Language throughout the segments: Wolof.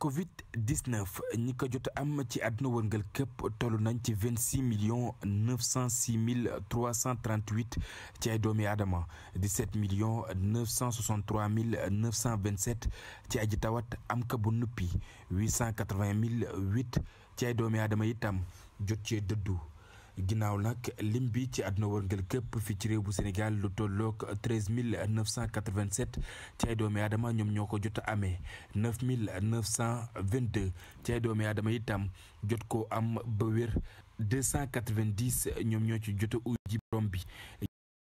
Covid 19 ñi ko jot am ci àdduna wërngal képp toll nañ ci vingt six millions neuf cent six mille trois cent trente huit ci ay doomi aadama dix sept millions neuf cent soixante trois mille neuf cent vingt sept ci aji tawat am ka bu nuppi huit mille huit ci ay doomi aadama itam jot cee dëddu. ginnaaw nag lim bi ci àdduna wërngël képp fi ci réew bu Sénégal lu tolloog treize mille neuf cent quatre-vingt-sept ci ay doomi ñoom ñoo ko jot a amee neuf mille neuf cent vingt-deux ci itam jot ko am ba wér cent quatre ñoom ñoo ci jot a uji bi.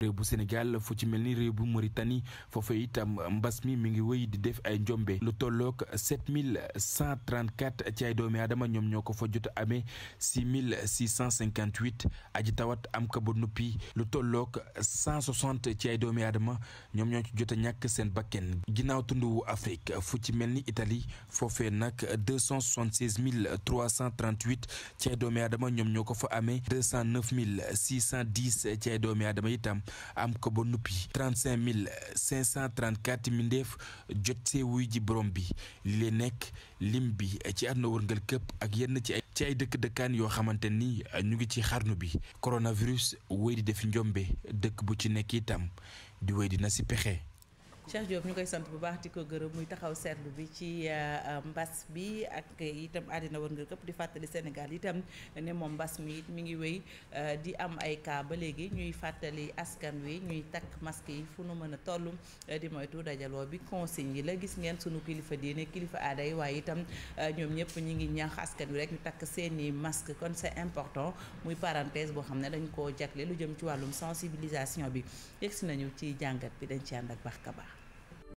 réew bu Sénégal fu ci mel ni réew bu Mauritanie foofu itam mbas mi mi ngi wéy di def ay njombe lu tolloog 7134 ci ay doomi aadama ñoom ñoo ko fa jot amee 6658 aji tawat am ka ba nuppi lu tolloog 160 ci ay doomi aadama ñoom ñoo ci jot ñàkk seen bakken ginnaaw tunduwu Afrique fu ci mel ni Italie foofee nag 276338 ci ay doomi aadama ñoom ñoo ko fa amee 209610 ci ay doomi aadama itam am ko ba nuppi 35 534 mindeef jot see ji borom bi li leen nekk lim bi ci na wërngal këpp ak yenn ci ay dëkk dëkkaan yoo xamante ni ñu ngi ci xarnu bi coronavirus wéy di def njombe dëkk bu ci nekk itam di wéy di na si pexe Cheikh Diop ñu koy sant bu baax di ko gërëm muy taxaw seetlu bi ci euh, mbas bi ak itam àddina war nga këpp di fàttali Sénégal itam ne moom mbas mi it mi ngi wéy euh, di am ay cas ba léegi ñuy fàttali askan wi ñuy takk masque yi fu nu mën a toll euh, di moytu dajaloo bi consigne yi la gis ngeen sunu kilifa diine kilifa aaday waaye itam ñoom ñëpp ñu ngi ñaax askan wi rek ñu takk seeni masque kon c'est important muy parenthèse boo xam ne dañ koo jagle lu jëm ci wàllum sensibilisation bi nañu ci jàngat bi dañ ci ànd ak